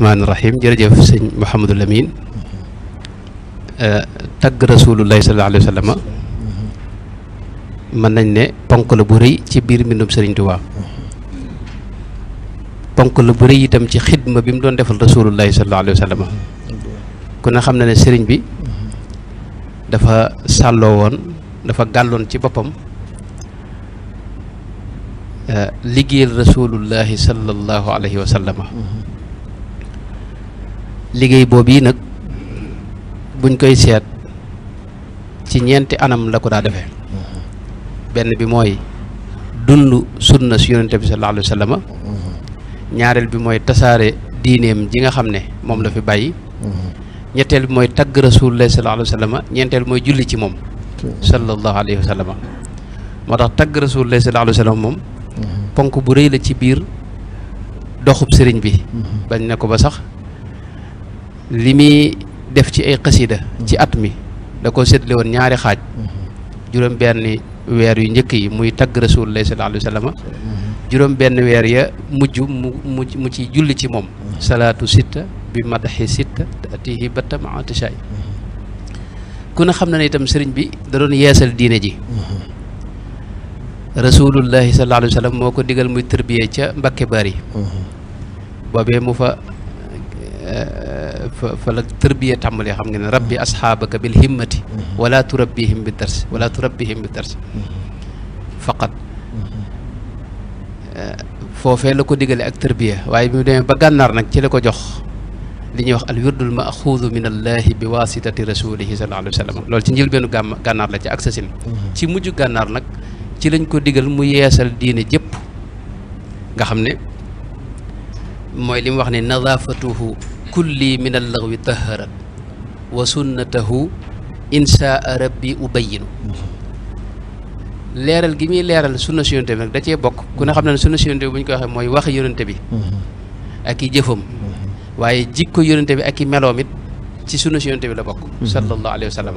rahmaani rahim jërëjëf sëñ Mouhamadou Lamine eh, tagg rasulullahi sallallahu alayhi wa mën nañ ne ponk la bu rëy ci biir mbindum Sëriñ Tuubaa ponk la bu rëy itam ci xidma bi mu doon defal rasulullahi sallallahu alayhi wa sallam xam na ne sëriñ bi dafa sàlloo woon dafa gàlloon ci boppam eh, liggéeyal rasulullahi sallallahu alayhi wa liggéey boobu yi nag buñ koy seet ci ñeenti anam la ko daa defe benn bi mooy dund sunna su yonente bi sallallahu wa sallam ñaareel bi mooy tasaare diineem ji nga xam ne moom la fi bàyyi ñetteel bi mooy tagg rasulullahi sallallahu alayhi wa sallam ñeenteel mooy julli ci moom sallallahu alayhi wa sallam moo tax tagg rasulullahi sallallahu wa sallam moom mm-hmm. ponk bu rëy la ci biir doxub sëriñ bi mm-hmm. bañ ne ko ba sax li muy def ci ay xasida ci at mi da ko séddale woon ñaari xaaj juróom benn weer yu njëkk yi muy tagg rasulullah sallallahu alayhi weer ya mujj julli ci moom salaatu sitta bi madaxi sitta atihi batta ma atishay ku ne xam na itam sëriñ bi da doon yeesal diine ji rasulullahi sallallahu alayhi wa moo ko digal muy tërbiye ca Mbakke yi boobee mu fa fa fa la tërbiya tàmbalee xam nga ne rabbi asxaabaka bil himmati wala turabbihim bi dars wala turabbihim bi dars faqat foofee la ko digale ak tërbiya waaye bi mu demee ba gànnaar nag ci la ko jox li ñuy wax al wirdul maaxuudu min allahi bi waasitati rasulihi sallallahu alayhi wa sallam loolu ci njëlbeenu gàmm gànnaar la ci ak sasin ci mujj gànnaar nag ci lañ ko digal mu yeesal diine jëpp nga xam ne mooy li mu wax ne nadaafatuhu kulli min allaghwi taharat wa sunnatahu insha rabbi ubayinu leeral gi muy leeral sunna da cee bokk ku ne xam na ne sunna si yonente bi bu ñu ko waxee mooy waxi yonente bi ak i jëfam waaye jikko yonente bi ak i meloom it ci sunna si yonente bi la bokk sallallahu alayhi wa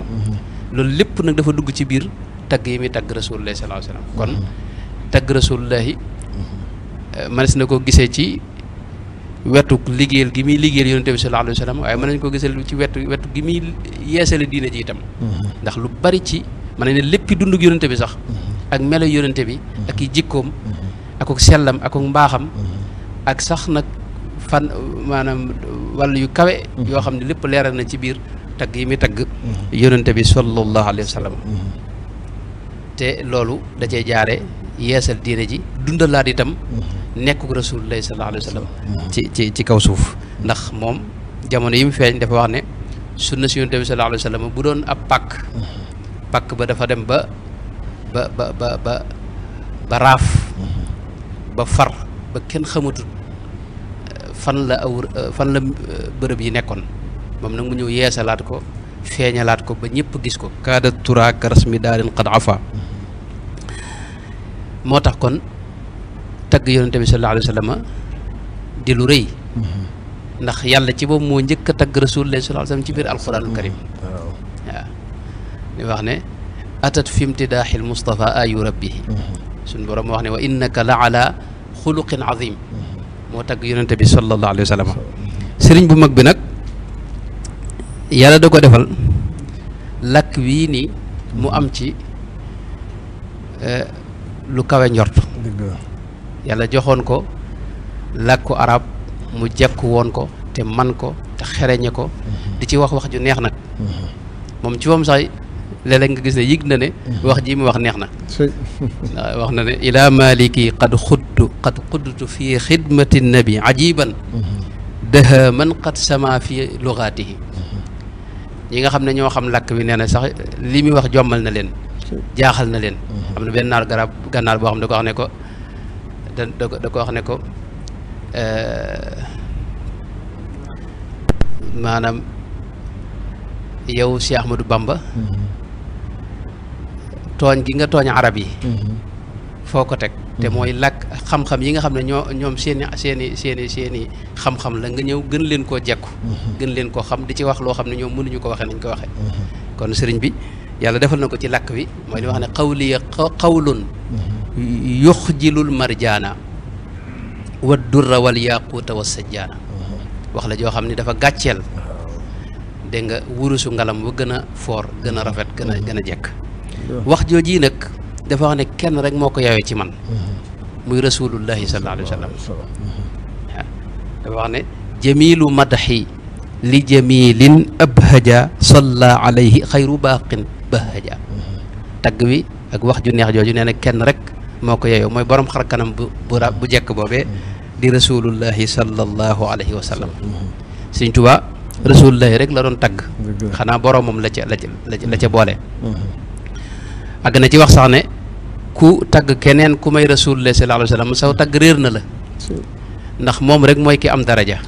loolu lépp nag dafa dugg ci biir tagg yi muy tagg rasulullahi sallallahu alayhi wa sallam kon tagg rasulullahi eh, manes na ko gisee ci wetu liggéeyal gi muy liggéeyal yonent bi sallallahu alayhi wa sallam waaye mën nañ ko gisal ci wetu wetu gi muy yeesale diine ji itam mm-hmm. ndax lu bari ci mën nañ lépp léppi dundug yonent bi sax mm-hmm. ak melo yonent bi mm-hmm. ak i jikkoom ak ak ak mbaaxam ak sax nag fan maanaam wàll yu kawe yoo xam ne lépp leeral na ci biir tagg yi muy tagg yonent bi sallallahu alayhi wa te loolu da cee jaare yeesal diine ji dundalaat itam nekkuk rasulullah sallallahu alayhi wa sallam mm-hmm. ci ci ci kaw suuf ndax moom jamono yi mu feeñ dafa wax ne sunna si yonent bi sallallahu bu doon ab pàkk mm-hmm. pàkk ba dafa dem ba ba ba ba raaf mm-hmm. ba far ba kenn xamatul eh, fan la aw eh, fan la eh, bërëb yi nekkoon moom nag mu ñëw yeesalaat ko feeñalaat ko ba ñëpp gis ko kaada turaak rasmi daarin qad afa moo tax kon tagg yonente bi sallallahu alayhi wa di lu rëy ndax yàlla ci boobu moo njëkk a tagg rasulullah sallallahu alayhi wa sallam ci biir alquranul karim waaw di wax ne atat fi imtidaaxil mustafa ayu rabbihi suñ borom wax ne wa innaka la ala xuluqin azim moo tagg yonente bi sallallahu alayhi wa sëriñ bu mag bi nag yàlla da ko defal lakk wii ni mu am ci eh, lu kawe njort yàlla joxoon ko làkku arab mu jekku woon ko te man ko te xereñe ko mhm. di ci wax wax ju neex nag mhm. moom ci moom sax léeg nga gis ne yëg na ne mhm. wax ji mu wax neex na wax na ne ila maliki qad xudtu qad xudtu fi xidmati nabi ajiban daha man qad sama fi lugaatihi ñi nga xam ne ñoo xam lakk bi nee na sax li muy wax jommal na leen jaaxal na leen am na benn naar garab gànnaar boo xam ne ko ne ko da da ko wax ne ko euh, maanaam yow Cheikh Ahmadou Bamba mm-hmm. tooñ gi nga tooñ arab yi mm-hmm. foo ko teg te mm-hmm. mooy lakk xam-xam yi nga xam ne ñoo ñoom seeni seeni seeni seeni xam-xam la nga ñëw gën leen koo jekku gën leen koo xam di ci wax loo xam ne ñoom mënuñu ko waxee nañ ko waxe kon sëriñ bi yàlla defal na ko ci làkk wi mooy li wax ne xaw xawliya xawlun yuxjilul marjaana wa durra wal yaquuta wa sajjaana wax la joo xam ne dafa gàcceel dégg nga wurusu ngalam wa gën a foor gën a rafet gën a gën a jekk wax jooji nag dafa wax ne kenn rek moo ko yawee ci man muy rasulullahi sallallahu alayhi wa sallam dafa wax ne jamilu madaxi li jamilin abhaja salla alayhi xayru baaqin bahaja tagg wi ak wax ju neex jooju nee na kenn rek moo ko yeyoo mooy borom xar kanam bu bu bu jekk boobee di rasulullahi sallallahu alayhi wa sallam sëñ Tuubaa rasulullahi rek la doon tagg xanaa boromam la ca la ca la ca boole àgg na ci wax sax ne ku tagg keneen ku may rasulullahi sallallahu alayhi wa saw tagg réer na la ndax moom rek mooy ki am daraja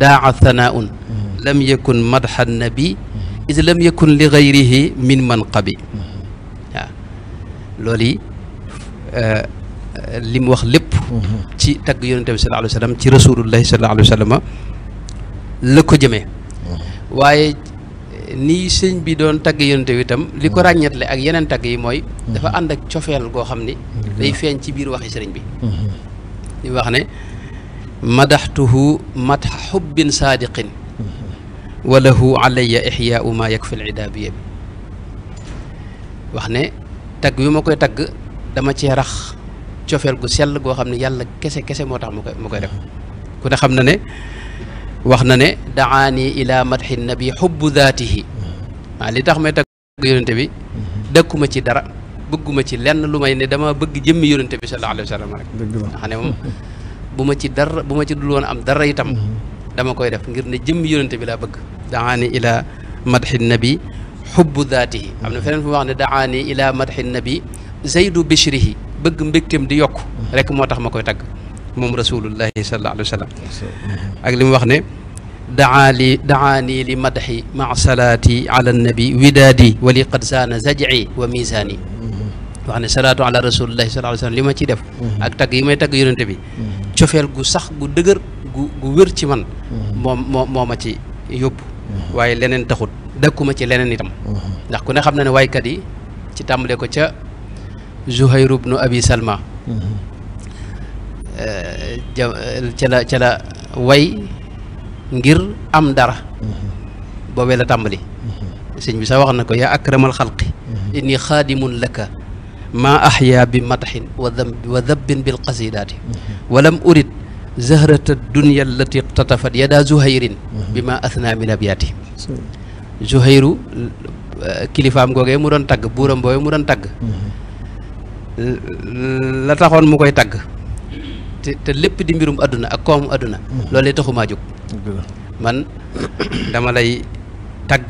daa thanaun lam yakun madha nabi is lam yakun li gayrihi min manqabi waaw loolu Euh, li mu wax lépp. Mhm. ci tagg yonente bi sallallahu alayhi wa sallam ci rasulullahi sallallahu alayhi wa sallam la ko jëmee. Mhm. waaye ni sëñ bi doon tagg yonente itam. li ko mhm. ràññeetle ak yeneen tagg yi mooy. dafa ànd ak cofeel goo xam ni. day feeñ ci biir waxi sëriñ bi. di wax ne madaxtuhu madx xubbin saadiqin. wa lahu alayya ma yakfi al idaabiya bi wax ne tagg yu ma koy tagg. dama cee rax cofeel gu sell goo xam ne yàlla kese kese moo tax mu koy mu koy def ku ne xam na ne wax na ne daani ila madxi nabi xubbu daatihi waaw li tax may tagg yonente bi dëkkuma ci dara bëgguma ci lenn lu may ne dama bëgg jëmmi yonente bi sallallahu alayhi xam ne bu ma ci dara bu ma ci woon am dara itam mm-hmm. dama koy def ngir ne jëmmi yonente bi laa bëgg daani ila madxi nabi xubbu daatihi am na feneen fu wax ne daani ila madxi nabi zaydu bishrihi bëgg mbégteem di yokk rek moo tax ma koy tagg moom rasulullahi sallallahu alayhi wa sallam ak li mu wax ne daa li daani li madxi maa salaati ala annabi widaadi wa li qad zaana zajci wa misaani wax ne salaatu ala rasulillahi sallallahu alayhi wa sallam li ma ciy def ak tagg yi may tagg yonente bi cofeel gu sax gu dëgër gu gu wér ci man moom moo ma ci yóbbu waaye leneen taxut dëkkuma ci leneen itam ndax ku ne xam na ne waaykat yi ci tàmbale ko ca Zuhayr ibnu Abi Salma mhm. eh, ja eh, ca ngir am dara mhm. boobee la tàmbali mhm. sëñ bi sax wax na ko yaa akramal xalqi inni xaadimun laka maa axyaa bi mataxin wa dambi wa dabbin bil qasidaati walam urid zahrata dunya allati iqtatafat yadaa zuhayrin bi ma athna min abyaati zuhayru eh, kilifaam googee mu doon tagg buuram boobee mu doon tagg la taxoon mu koy tagg te te lépp di mbirum àdduna ak koomu àdduna mm-hmm. loolu lay taxumaa jóg man dama lay tagg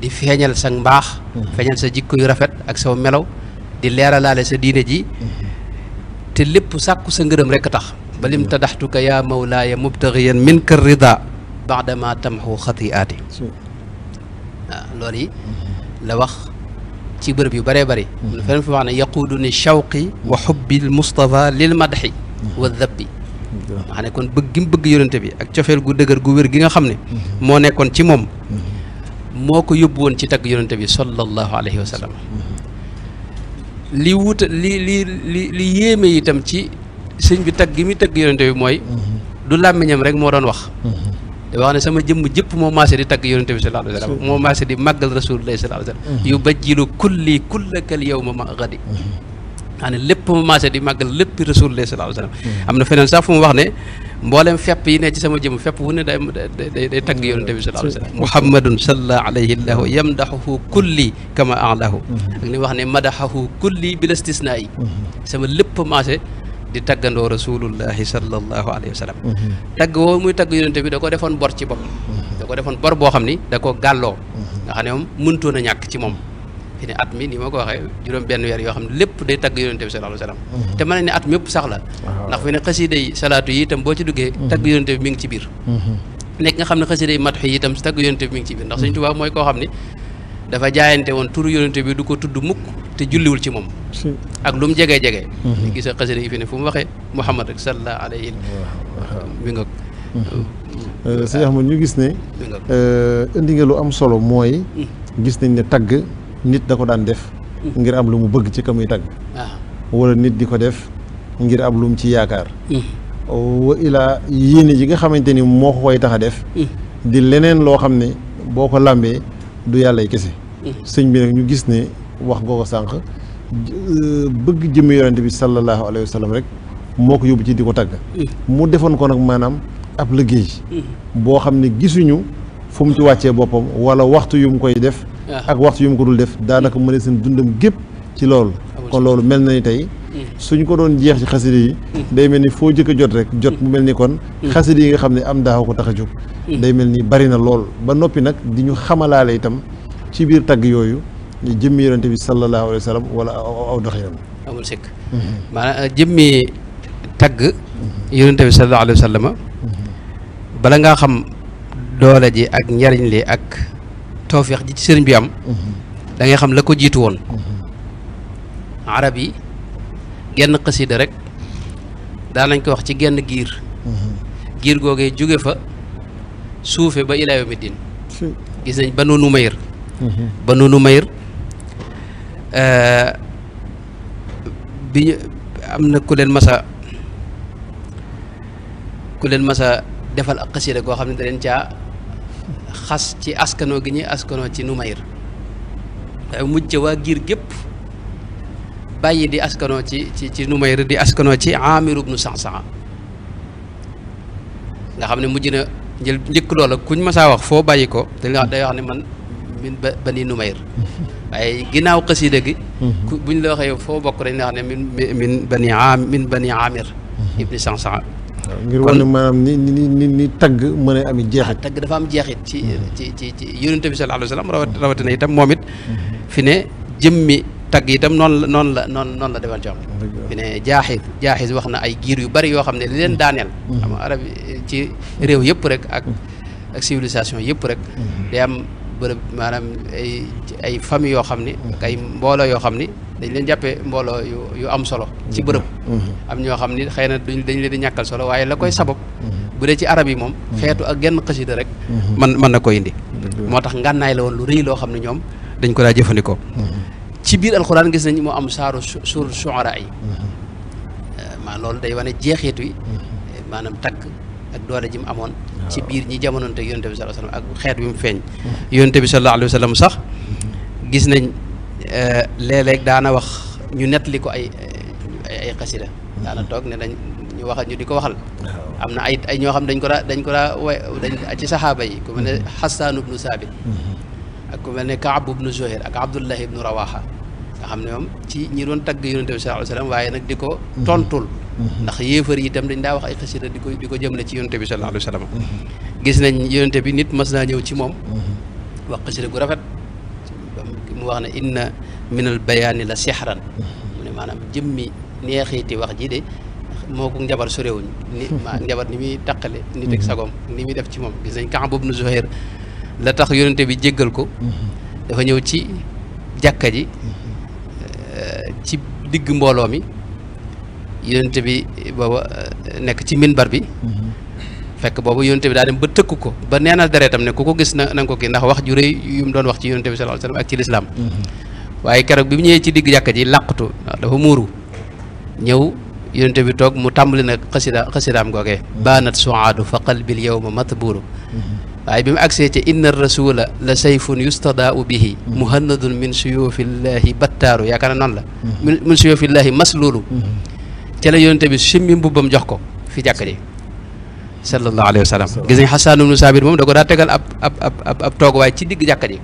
di feeñal sa mbaax mm-hmm. feeñal sa jikko yu rafet ak saw melaw di leeralaale sa diine ji mm-hmm. te lépp sàkku sa ngërëm rekk tax balim tadaxtuka yaa mawlaaya mubtaxiyan min ka rida baadama tamxu xatiaati waaw loolu yi la wax ci bërëb yu bëree bëri mm-hmm. feneen fi wax ne yaquudu ni shawqi wa xubbil mustafa lil madxi mm-hmm. wa dabbi mm-hmm. nga xam kon bëgg gi bëgg yonente bi ak cofeel gu dëgër gu wér gi nga xam ne moo nekkoon ci moom moo ko yóbbu woon ci tagg yonente bi sallallahu alayhi wa sallam li wuta li li li li yéeme itam ci sëñ bi tagg gi muy tagg yonente bi mooy du làmmiñam rek moo doon wax da wax ne sama jëmm jëpp moo maase di tagg yonente bi sallallahu alayhi wa sallam moo maase di màggal rasulullah sallallahu alayhi wa sallam mm-hmm. yu bajjilu kulli kullakal yawma ma gadi maa mm-hmm. ne lépp ma maase di màggal lépp rasulullah sallallahu alayhi wa sallam mm-hmm. am na feneen sax fu mu wax ne mboolem fepp yi ne ci sama jëm fepp wu ne day day day tagg yonente bi sallallahu alayhi wa sallam muhammadun salla alayhi llahu yamdaxahu kulli kama alahu ak ni wax ne madaxahu kulli bila istisnaa yi sama lépp maase di taggandoo rasulullahi sallallahu alayhi wa sallam mhm. tagg woo muy tagg bi da ko defoon bor ci bopp mhm. da ko defoon boo xam ni da ko gàlloo mhm. nga xam ne moom ci moom fi ne at mi ni ma ko waxee juróom benn yoo xam ne lépp day tagg yonente bi sallallahu alayhi wa sallam sax la ndax fi ne xasida yi salaatu yi itam boo ci duggee tagg yonente bi mi ngi ci biir nekk nga xam ne xasida yi matuxe yi itam tagg yonente bi mi ngi ci biir ndax Sëñ Tuubaa mooy koo xam ne dafa jaayante woon turu yonente bi du ko tudd mukk te julliwul ci moom ak lu mu jegee jegee mhm. gis a yi fi ne fu mu waxee Muhammad rek sallallahu mhm. euh, ñu gis ne euh, indi lu am solo mooy mhm. gis nañ ne tagg nit da ko daan def ngir am lu mu bëgg ci ka tagg ah. wala nit di ko def ngir am lu ci yaakaar wa ilaa yéene ji nga xamante ni moo ko koy tax a def di leneen loo xam ne boo ko làmbee du yàlla kese sëñ bi nag ñu gis ne wax googu sànq bëgg jëmmi yonent bi sallallahu alayhi wa rek moo ko yóbbu ci di ko tagg mu defoon ko nag maanaam ab liggéey boo xam ne gisuñu fu mu ci wàccee boppam wala waxtu yu mu koy def ak waxtu yu mu ko dul def daanaka mu seen dundam gépp ci loolu kon loolu mel na ni tey suñ ko doon jeex ci xasida yi day mel ni foo jëkk jot rek jot mu mel ni kon xasida yi nga xam ne am daaw ko tax a jóg day mel ni bari na lool ba noppi nag di ñu xamalaale itam ci biir tagg yooyu ñu jëmmi yonente bi sallallahu alayhi wa sallam wala aw doxinam amul sikk mm-hmm. euh, mm-hmm. mm-hmm. bala ngaa xam doole ji ak njariñ li ak tawfeex ji ci sëriñ bi am da xam la ko jiitu woon arab yi genn xasida rek daanañ ko wax ci genn giir giir googee jóge fa suufe ba ilaa yawmi diin gis nañ banu numayr banu numayr Euh, bi am na ku leen masa ku leen masa defal ak xasida goo xam ne da caa xas ci askanoo gi ñuy askanoo ci numayr waaye mujj waa giir gépp bàyyi di askanoo ci ci ci numayr di askanoo ci Aamir ibnu Sansan nga xam ne mujj na njël njëkk loola kuñ masaa wax foo bàyyi ko dañ day wax ne man min bani numayr waaye ginnaaw xasida gi mhm. buñ la waxee foo bokk rek nga xam ne min min bani am min bani amir mhm. ibni sansan ngir wane maanaam ni tagg mën a ami jeexit tagg dafa am jeexit ci mhm. ci ci ci yonent bi sallallahu alayhi wa sallam rawat rawatina itam moom it fi ne jëmmi tagg itam noonu la noonu la noonu noonu la defoon ci am fi ne jaaxis jaaxis wax na ay giir yu bari yoo xam ne li leen daaneel xam arab ci réew yëpp rek ak ak civilisation yëpp rek day am bërëb maanaam ay ay famille yoo xam ni kay mm-hmm. ay mbooloo yoo xam ni dañ leen jàppee mbooloo yu yu am solo ci bërëb mm-hmm. am ñoo xam ni xëy na duñ dañ leen di ñàkkal solo waaye la koy sabab mm-hmm. bu dee ci arab yi moom xeetu ak genn xasida rek man mën na ko indi moo tax ngànnaay la woon lu rëy loo xam ne ñoom dañ ko daa jëfandikoo ci biir alxuraan gis nañ moo am saaru sur shuara yi eh, maa loolu day wane jeexit wi eh, maanaam takk ak doole a jim amoon ci biir ñi jamonoonte te yoon sallallahu alayhi ak xeet wi mu feeñ yonte bi sallallahu alayhi wasallam sax gis nañ euh, léeg-léeg daana wax ñu nettali ko ay ay xasida daana toog ne dañ ñu waxal ñu di ko waxal am na ay ay ñoo xam dañ ko daa dañ ko daa way dañ ci saxaaba yi ku mel ne mm-hmm. Hassan ibnu Saabit mm-hmm. ak ku mel ne Kaab ibnu Zuhair ak Abdullah ibnu Rawaha nga xam ne moom ci ñi doon tagg yonente bi sallallahu alayhi waaye nag di ko mm-hmm. tontul Mm-hmm. ndax yéefar yi itam dañ daa wax ay di ko di ko jëmle ci yonte bi sallallahu alayhi wa sallam mm-hmm. gis nañ yonte bi nit mas naa ñëw ci moom mm-hmm. wax xasida gu rafet mu wax na inna minal bayaani la sixran mu ne maanaam jëmmi neexiiti wax jii de moo ko njabar sorewuñ ni ma njabar ni muy taqale nit ak sagoom ni muy def ci moom gis nañ boobu na Zuhair la tax yonente bi jéggal ko dafa ñëw ci jàkka ji eh, ci digg mbooloo mi yonent bi booba eh, nekk ci minbar bi mm-hmm. fekk boobu yonent bi daa dem ba tëkk ko ba neenal deretam ne ku ko gis na na ko kii ndax wax ju yu mu doon wax ci yonent bi sallallahu alayhi wasallam ak ci lislaam mm-hmm. waaye keroog bi mu ñëwee ci digg jàkka ji làqatu dafa muuru ñëw yonent bi toog mu tàmbali na xasida xasidaam googee mm-hmm. baanat suaadu fa qalbil yawma matbuuru waaye bi mu agsee ca inna rasula la sayfun yustadaau bihi muhannadun min suyufillahi battaaru yaakaar na noonu la min suyufillahi ca la yonente bi simmi mbubbam jox ko fi jàkk ji sallallahu alayhi wa gis nañ xasaan ibnu saabit moom da ko daa tegal ab ab ab tooguwaay ci digg jàkka ji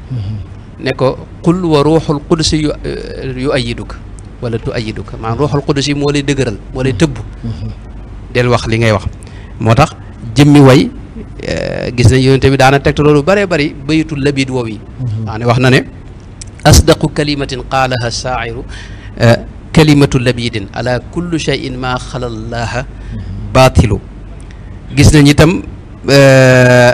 ne ko qul wa ruuxul qudsi yu yu ayiduka wala tu ayiduka maanaam ruuxul qudsi moo lay dëgëral moo lay tëbb del wax li ngay wax moo tax jëmmi way eh, gis nañ yonente bi daana tegtaloo lu bëree bëri bayitu labid woow yi mhm. wax na ne asdaqu kalimatin qaalaha saairu eh, kalimatu labidin ala kulli cheyin maa xalallaaha baatilu gis nañ itam eh,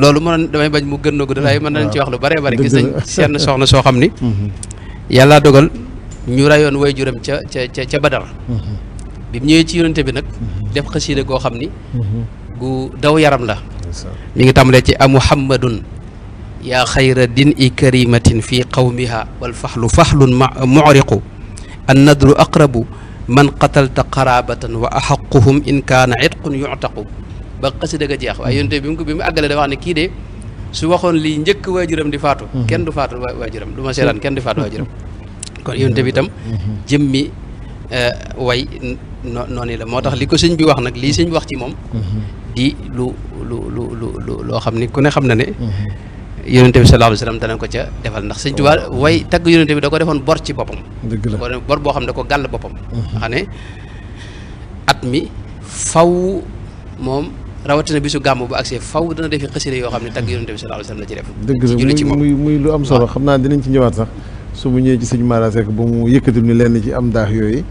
loolu mënoon damay bañ mu gën na gudd waaye mën nañ ci wax lu bare bare gis nañ seen soxna soo xam ni mhm. yàlla dogal ñu rayoon way juram ca ca ca badar mhm. bi mu ñëwee ci yonente bi nag mhm. def xasiida goo xam ni gu daw yaram la mi ngi tàmbalee ci a muhammadun yaa xayra din i karimatin fii qawmiha wal faxlu faxlun muriqu an nadru aqrabu man qatalta qarabatan wa axaquhum in kaana itqun yuctaqu ba xasida ga jeex waaye yonte bi mu ko bi mu àggale da wax ne kii de su waxoon lii njëkk waajuram di faatu mhm. kenn du faatu waajuram du ma seetaan kenn di faatu waajuram kon yonte bi itam mhm. Mhm. jëmmi eh, way noo noonu la moo tax li ko sëñ bi wax nag li sëñ wax ci moom di lu lu lu lu loo xam ni ku ne xam na ne yonente bi sallallahu alayhi wasallam danañ ko ca defal ndax sëñ Tuubaa way tagg yonente bi da ko defoon bor ci boppam bor boo xam ne da ko gàll boppam nga mhm. xam ne at mi faw moom rawatina bisu gàmm bu agsee faw dana defi xasida yoo xam ne tagg yonente bi sallallahu la ci def dëgg la muy lu am solo xam naa dinañ ci ñëwaat sax su mu ñëwee ci sëñ Mara Seck ba mu yëkkatul ni lenn ci am daax yooyu